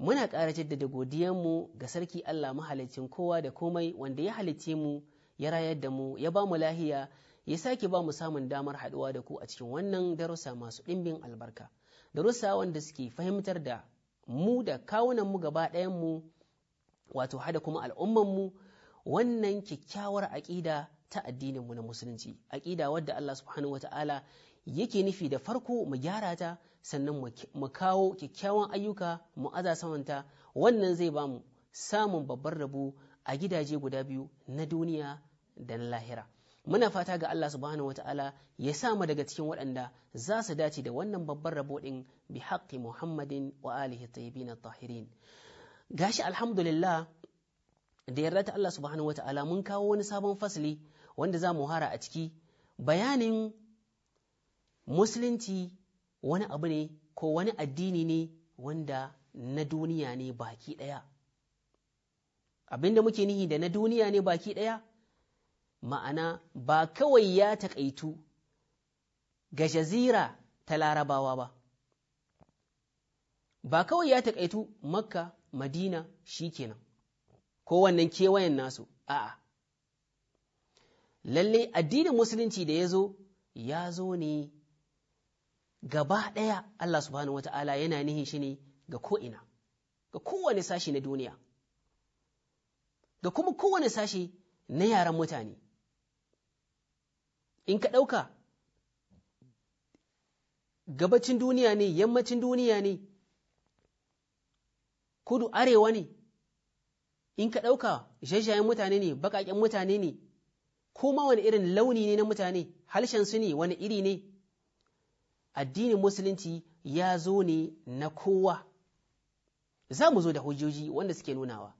muna ƙara jaddada godiyanmu ga sarki Allah mahalicin kowa da komai wanda ya halicce mu ya rayar da mu ya ba mu lahiya ya sake ba mu samun damar haɗuwa da ku a cikin wannan darussa masu ɗimbin albarka darussa wanda suke fahimtar da mu da kawunan mu gaba ɗayan mu wato hada kuma al'umman mu wannan kyakkyawar aƙida ta addininmu na musulunci aƙida wadda Allah subhanahu wata'ala yake nufi da farko mu gyara ta sannan mu kawo kyakkyawan ayyuka mu aza samanta wannan zai ba mu samun babbar rabo a gidaje guda biyu na duniya da na lahira muna fata ga Allah subhanahu wata'ala ya sa mu daga cikin waɗanda za su dace da wannan babbar rabo ɗin bi haƙƙi Muhammadin wa alihi tayyibin tahirin gashi alhamdulillah da yarda ta Allah subhanahu wata'ala mun kawo wani sabon fasli wanda za mu hara a ciki bayanin musulunci wani abu ne ko wani addini ne wanda na duniya ne baki ɗaya abinda muke nihi da na duniya ne baki ɗaya ma'ana ba kawai ya taƙaitu ga jazira ta larabawa ba ba kawai ya taƙaitu makka madina shi kenan ko wannan kewayen nasu a'a Lallai addinin musulunci da ya zo ya zo ne gaba ɗaya Allah subhanahu wata'ala yana nihin shi ne ga ko'ina, ga kowane sashi na duniya, ga kuma kowane sashi na yaran mutane. In ka ɗauka, gabacin duniya ne, yammacin duniya ne, kudu arewa ne, in ka ɗauka jajayen mutane ne, baƙaƙen mutane ne, ko ma wani irin launi ne na mutane, harshen su ne, wani iri ne. addinin musulunci ya zo ne na kowa za mu zo da hujjoji wanda suke nunawa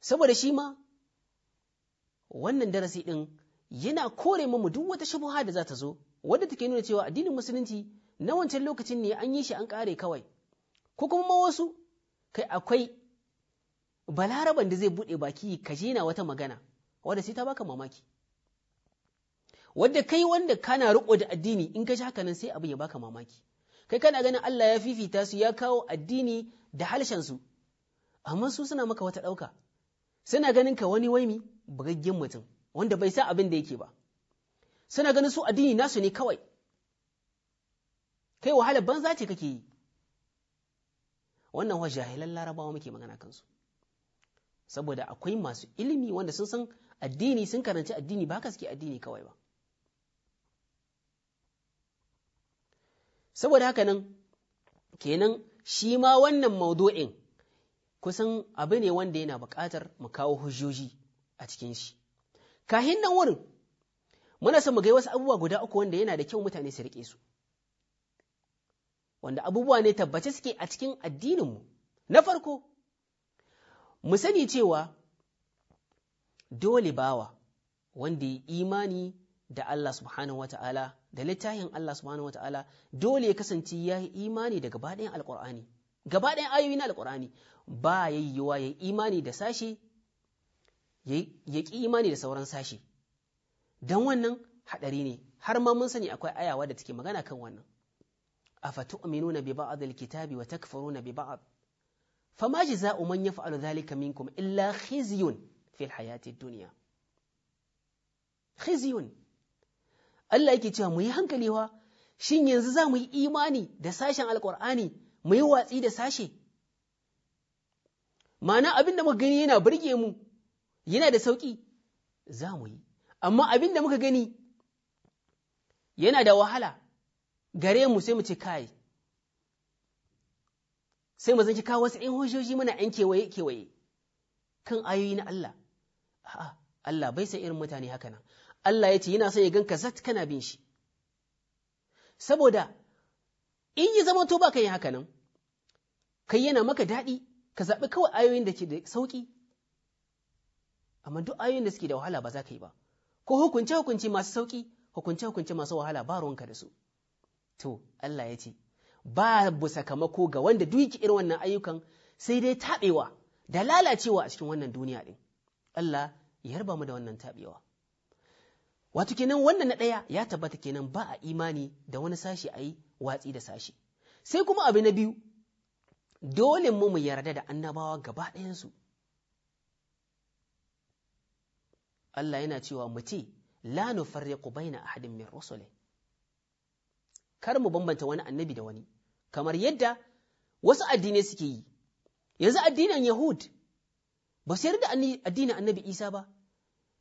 saboda shi ma wannan darasi ɗin yana kore mu duk wata shubuha da za ta zo wadda take nuna cewa addinin musulunci na wancan lokacin ne an yi shi an ƙare kawai ko kuma ma wasu kai akwai balaraban da zai buɗe baki ka na wata magana wadda sai ta baka mamaki Wadda kai wanda kana riko da addini in ka sha haka nan sai abin ya baka mamaki kai kana ganin Allah ya fifita su ya kawo addini da halshen su amma su suna maka wata ɗauka suna ganin ka wani waimi bugaggen mutum wanda bai sa abin da yake ba suna ganin su addini nasu ne kawai kai wahala banza ce kake yi wannan wa jahilan larabawa muke magana kansu saboda akwai masu ilimi wanda sun san addini sun karanci addini ba ka suke addini kawai ba saboda haka nan kenan shi ma wannan maudu'in kusan abu ne wanda yana buƙatar mu kawo hujjoji a cikin shi kahin nan wurin muna son mu ga wasu abubuwa guda uku wanda yana da kyau mutane su riƙe su wanda abubuwa ne tabbace suke a cikin addininmu na farko mu sani cewa dole bawa wanda ya imani da Allah subhanahu wata'ala da littafin Allah subhanahu wataala dole ya kasance ya yi imani da gabaɗayan alƙur'ani gabaɗayan ayoyi na alƙur'ani ba ya yi yiwa ya imani da sashi ya ƙi imani da sauran sashi don wannan haɗari ne har ma mun sani akwai ayawa da take magana kan wannan afatu'minuna bi ba'd alkitabi wa takfuruna bi ba'd fama jazaa'u man yaf'alu dhalika minkum illa khizyun fil hayati duniya. dunya Allah yake cewa mu yi hankali shin yanzu za mu yi imani da sashen alkur'ani mu yi watsi da sashe ma'ana abin da muka gani yana burge mu yana da sauki za mu yi amma abin da muka gani yana da wahala gare mu sai mu ce kai sai mu zanci kawo wasu ‘yan hujjoji muna ‘yan kewaye-kewaye kan ayoyi na Allah a'a Allah bai san irin mutane haka nan Allah ya ce yana son ya ganka zat kana bin shi saboda in yi zama to baka yi haka nan kai yana maka daɗi ka zaɓi kawai ayoyin da ke da sauƙi amma duk ayoyin da suke da wahala ba za ka yi ba ko hukunce hukunce masu sauƙi hukunce hukunce masu wahala ba ruwanka da su to Allah ya ce babu sakamako ga wanda duk irin wannan ayyukan sai dai taɓewa da lalacewa a cikin wannan duniya ɗin Allah ya yarba mu da wannan taɓewa wato kenan wannan na ɗaya ya tabbata kenan ba a imani da wani sashi a yi watsi da sashi sai kuma abu na biyu dole mu mu yarda da annabawa gaba ɗayansu Allah yana cewa mu ce la nufarriqu baina ahadin min rusuli kar mu bambanta wani annabi da wani kamar yadda wasu addinai suke yi yanzu addinin Yahud ba su yarda addinin annabi Isa ba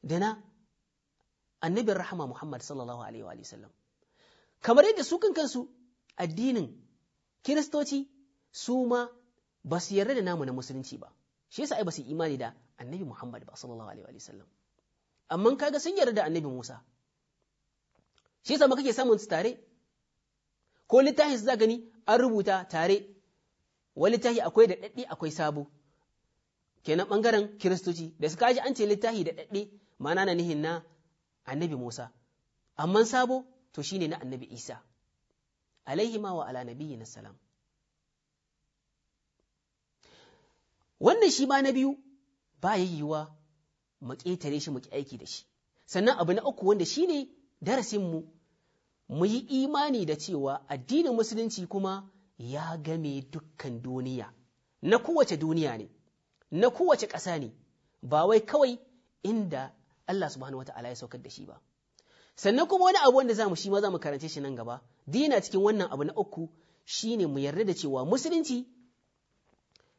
da na annabin rahama Muhammad sallallahu alaihi wa sallam kamar yadda su kansu addinin kiristoci su ma ba su yarda da namu na musulunci ba shi yasa ai ba su imani da annabi Muhammad ba sallallahu alaihi wa sallam amma kaga sun yarda da annabi Musa shi yasa kake samun su tare ko littafin su za gani an rubuta tare wani tahi akwai da daddi akwai sabo kenan bangaren kiristoci da suka ji an ce littafi da daddi ma'ana na nihin na annabi Musa, amma sabo to shine na annabi Isa, alaihima wa ala nabiyyi salam. Wannan shi ba na biyu ba ya yiwuwa mu ƙetare shi mu ki aiki da shi, sannan abu na uku wanda shi ne darasinmu mu yi imani da cewa addinin musulunci kuma ya game dukkan duniya, na kowace duniya ne, na kowace ƙasa ne, ba wai kawai inda Allah subhanahu wata'ala ya saukar da shi ba sannan kuma wani abu wanda zamu shi ma zamu karance shi nan gaba dina cikin wannan abu na uku shine mu yarda da cewa musulunci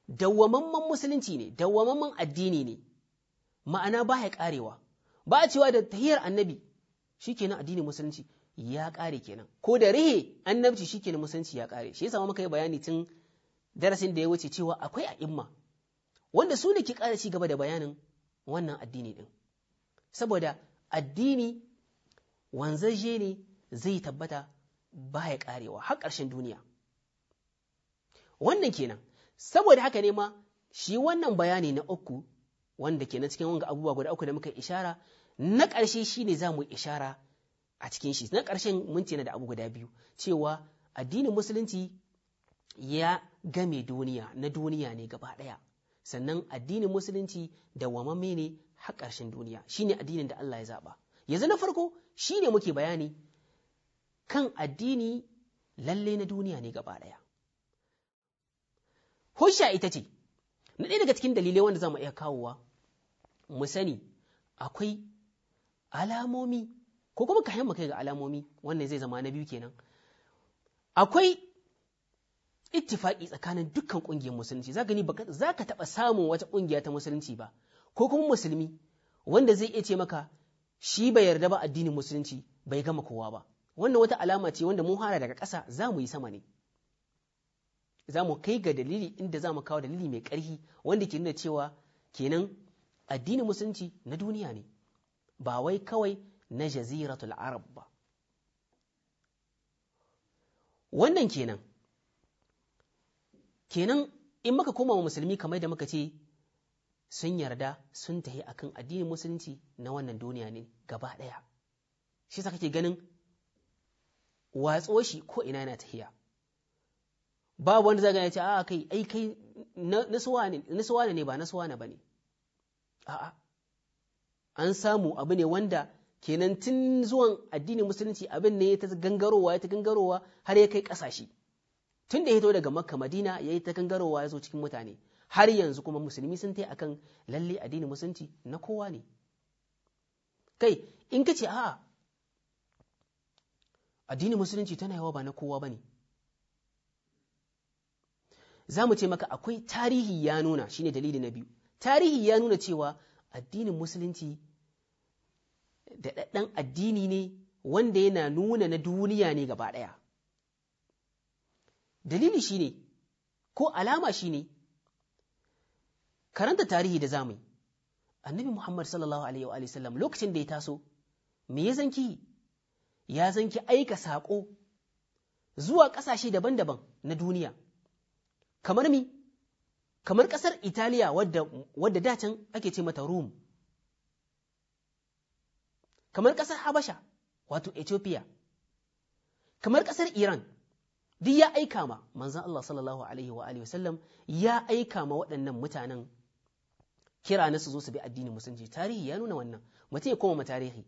dawwamamman musulunci ne dawwamamman addini ne ma'ana ba ya karewa ba cewa da tahiyar annabi shikenan addini musulunci ya kare kenan ko da rihe annabci shikenan musulunci ya kare shi yasa muka yi bayani tun darasin da ya wuce cewa akwai a'imma wanda su ne ke ƙara ci gaba da bayanin wannan addini din saboda addini wanzaje ne zai tabbata ba ya karewa har karshen duniya wannan kenan saboda haka ne ma shi wannan bayani na uku wanda ke kenan cikin wanga abubuwa guda uku da muka ishara na karshe shi ne za mu ishara a cikin shi na karshen mintina da abu guda biyu cewa addinin musulunci ya game duniya na duniya ne gaba ɗaya sannan addinin musulunci da wamame ne har ƙarshen duniya shine addinin da Allah ya zaɓa yanzu na farko shine muke bayani kan addini lalle na duniya ne gaba ɗaya husha ita ce na ɗaya daga cikin dalilai wanda za mu iya kawowa mu sani akwai alamomi ko kuma kayan kai ga alamomi wannan zai zama na biyu kenan akwai ittifaki tsakanin dukkan ƙungiyar musulunci za za ka taɓa samun wata ƙungiya ta musulunci ba ko kuma musulmi wanda zai iya ce maka shi bai yarda ba addinin musulunci bai gama kowa ba wannan wata alama ce wanda mun hana daga ƙasa za mu yi sama ne za mu kai ga dalili inda za mu kawo dalili mai ƙarfi wanda ke nuna cewa kenan addinin musulunci na duniya ne ba wai kawai na jaziratul arab ba wannan kenan kenan in muka koma musulmi kamar da muka ce sun yarda sun tahi akan addinin musulunci na wannan duniya ne gaba ɗaya shi sa kake ganin watsoshi shi ko ina yana tahiya babu wanda zaga ya ce a kai ai kai nasuwa ne ba nasuwa ne bane a'a an samu abu ne wanda kenan tun zuwan addinin musulunci abin ne ta gangarowa ya ta gangarowa har ya kai ƙasashe tun da ya hito daga makka madina ya yi ta gangarowa ya zo cikin mutane har yanzu kuma musulmi sun tai akan lalle addinin musulunci na kowa ne kai in ka ce a'a addinin musulunci tana yawa ba na kowa ba ne za mu ce maka akwai tarihi ya nuna shine dalili na biyu tarihi ya nuna cewa addinin musulunci da addini ne wanda yana nuna na duniya ne gaba ɗaya dalili shine ko alama shine karanta tarihi da zamu yi annabi Muhammad sallallahu alaihi wa sallam lokacin da ya taso me ya zanki ya zanki aika saƙo zuwa ƙasashe daban-daban na duniya kamar mi kamar ƙasar Italiya wadda dacin ake ce mata Rome kamar ƙasar Habasha wato Ethiopia kamar ƙasar Iran duk ya aika ma manzon Allah sallallahu alaihi wa sallam ya aika ma waɗannan mutanen kira na su zo su bi addinin musulunci tarihi ya nuna wannan mutum ya koma tarihi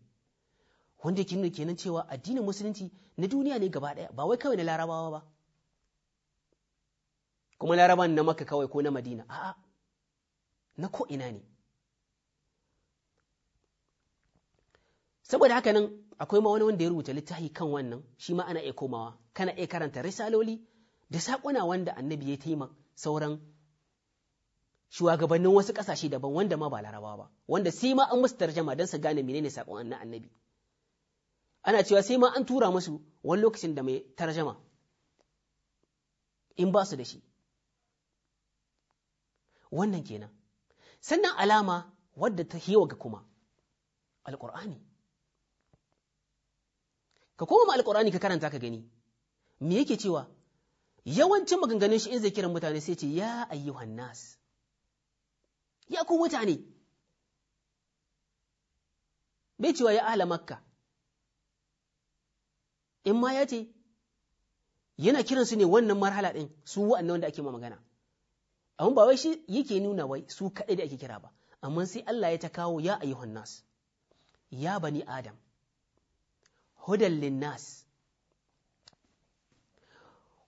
wanda ke nuna kenan cewa addinin musulunci na duniya ne gaba ɗaya ba wai kawai na larabawa ba kuma laraban na maka kawai ko na madina a'a na ko ina ne saboda haka nan akwai ma wani wanda ya rubuta littafi kan wannan shi ma ana iya komawa kana iya karanta risaloli da sakuna wanda annabi ya taimaka sauran shugabannin wasu ƙasashe daban wanda ma ba laraba ba wanda sai ma an musu tarjama don su gane menene saƙon annan annabi ana cewa sai ma an tura musu wani lokacin da mai tarjama in ba su da shi wannan kenan sannan alama wadda ta hewa ga kuma alƙur'ani ka koma ma alƙur'ani ka karanta ka gani me yake cewa yawancin maganganun shi in zai kiran mutane sai ce ya ayyuhan nas ya ku mutane bai cewa ya ahla makka in ma ya ce yana kiransu ne wannan marhala ɗin su wa'annan wanda ake ma magana amma ba wai shi yake nuna wai su kaɗai da ake kira ba amma sai Allah ya ta kawo ya ayi nas ya bani adam hudan linnas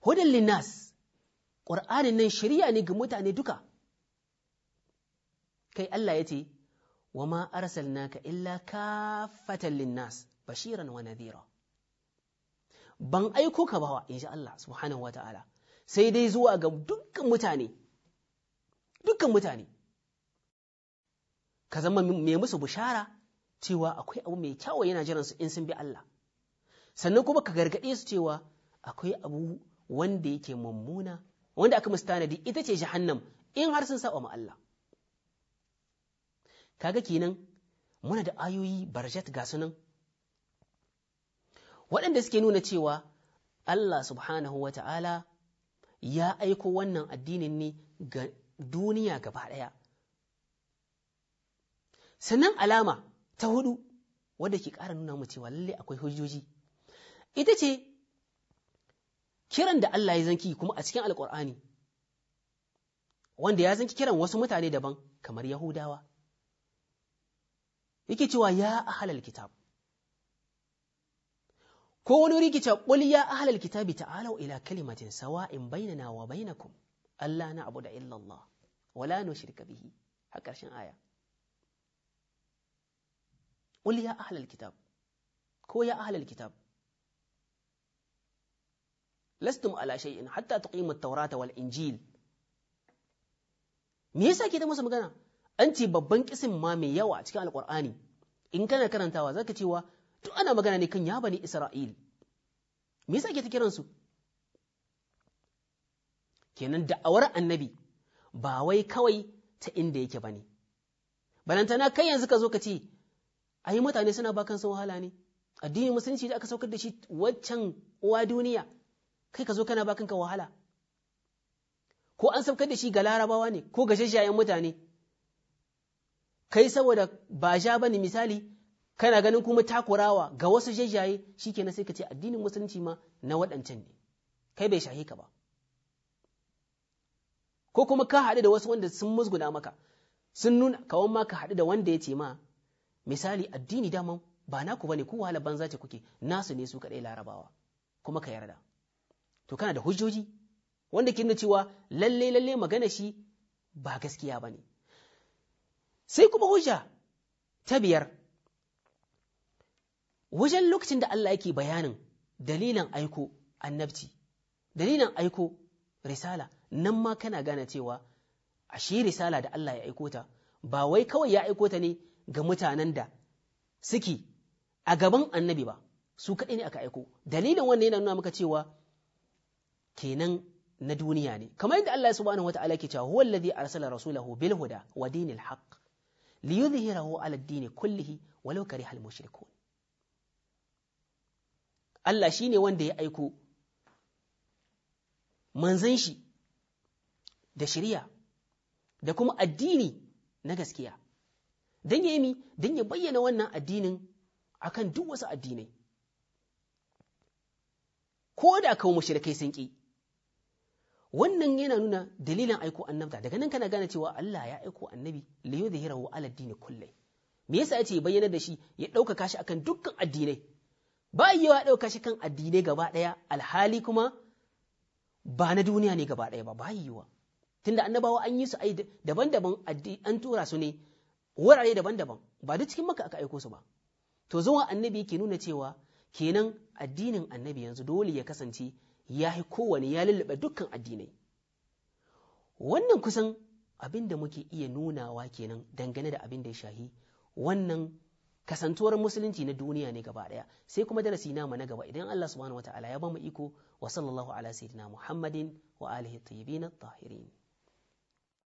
hudan linnas ƙur'anin nan shirya ne ga mutane duka kai Allah ya ce wa ma naka illa kaffatan linnas bashiran wa nadhira ban aiko ka bawa in Allah subhanahu wa ta'ala sai dai zuwa ga dukkan mutane dukkan mutane ka zama mai musu bishara cewa akwai abu mai kyawo yana jiran su in sun bi Allah sannan kuma ka gargaɗe su cewa akwai abu wanda yake mummuna wanda aka musu tanadi ita ce jahannam in har sun saba ma Allah kaga kenan muna da ayoyi barjat ga sunan waɗanda suke nuna cewa Allah subhanahu wa ta'ala ya aiko wannan addinin ne ga duniya gaba ɗaya. Sannan alama ta hudu wadda ke ƙara nuna mu cewa lalle akwai hujjoji, ita ce kiran da Allah ya zanki kuma a cikin alƙur'ani, wanda ya zanki kiran wasu mutane daban kamar Yahudawa. yake cewa ya ahlal kitab ko wani wuri ke cewa ya ahlal kitabi ta'alu ila kalimatin sawa'in bainana wa bainakum na abu da illallah, wala la nushrika bihi a ƙarshen aya qul ya ahlal kitab ko ya ahlal kitab lastum ala shay'in hatta tuqimu at-taurata wal injil me yasa ke ta musu magana an ce babban kisin ma mai yawa a cikin alkur'ani in kana karantawa zaka cewa duk ana magana ne kan ya bani isra'il me yasa ke ta kiransu kenan da'awar annabi ba wai kawai ta inda yake bane balantana kai yanzu ka zo ka ce ai mutane suna bakan sun wahala ne addinin musulunci da aka saukar da shi waccan uwa duniya kai ka zo kana bakan ka wahala ko an saukar da shi ga larabawa ne ko ga shashayen mutane kai saboda ba ja bane misali kana ganin kuma takurawa ga wasu jajjaye shikenan sai ka ce addinin musulunci ma na waɗancan ne kai bai shahi ka ba ko kuma ka haɗu da wasu wanda sun musguna maka sun nuna kawan ma ka haɗu da wanda ya ce ma misali addini dama ba naku bane ku wahala banza ce kuke nasu ne su kaɗai larabawa kuma ka yarda to kana da hujjoji wanda ke nuna cewa lalle lalle magana shi ba gaskiya bane sai kuma hujja ta biyar wajen lokacin da Allah yake bayanin dalilan aiko annabci dalilan aiko risala nan ma kana gane cewa shi risala da Allah ya aiko ta ba wai kawai ya aiko ta ne ga mutanen da suke a gaban annabi ba su kaɗai ne aka aiko dalilin wannan yana nuna maka cewa kenan na duniya ne kamar yadda Allah subhanahu wataala ke cewa huwa allazi arsala rasulahu bil huda wa dinil haqq liyudhirahu ala ad-din kullihi walau kariha al-mushrikun Allah shine wanda ya aiko manzon shi da shari'a da kuma addini na gaskiya dan ya mi dan ya bayyana wannan addinin akan duk wasu addinai ko da kawo mushrikai sun ki wannan yana nuna dalilin aiko annabta daga nan kana gane cewa Allah ya aiko annabi li yudhhirahu ala dini kullai me yasa yace ya bayyana da shi ya ɗaukaka shi akan dukkan addinai ba yawa ya ɗauka shi kan addinai gaba ɗaya alhali kuma ba na duniya ne gaba ɗaya ba ba yiwa tunda annabawa an yi su ai daban-daban an tura su ne wurare daban-daban ba duk cikin maka aka aiko su ba to zuwa annabi yake nuna cewa kenan addinin annabi yanzu dole ya kasance ya yi kowane ya lullube dukkan addinai wannan kusan abin da muke iya nunawa kenan dangane da abin da ya shahi wannan kasantuwar musulunci na duniya ne gaba daya sai kuma darasi namu na gaba idan Allah subhanahu wataala ya ba mu iko wa sallallahu ala sayyidina Muhammadin wa alihi tayyibin at-tahirin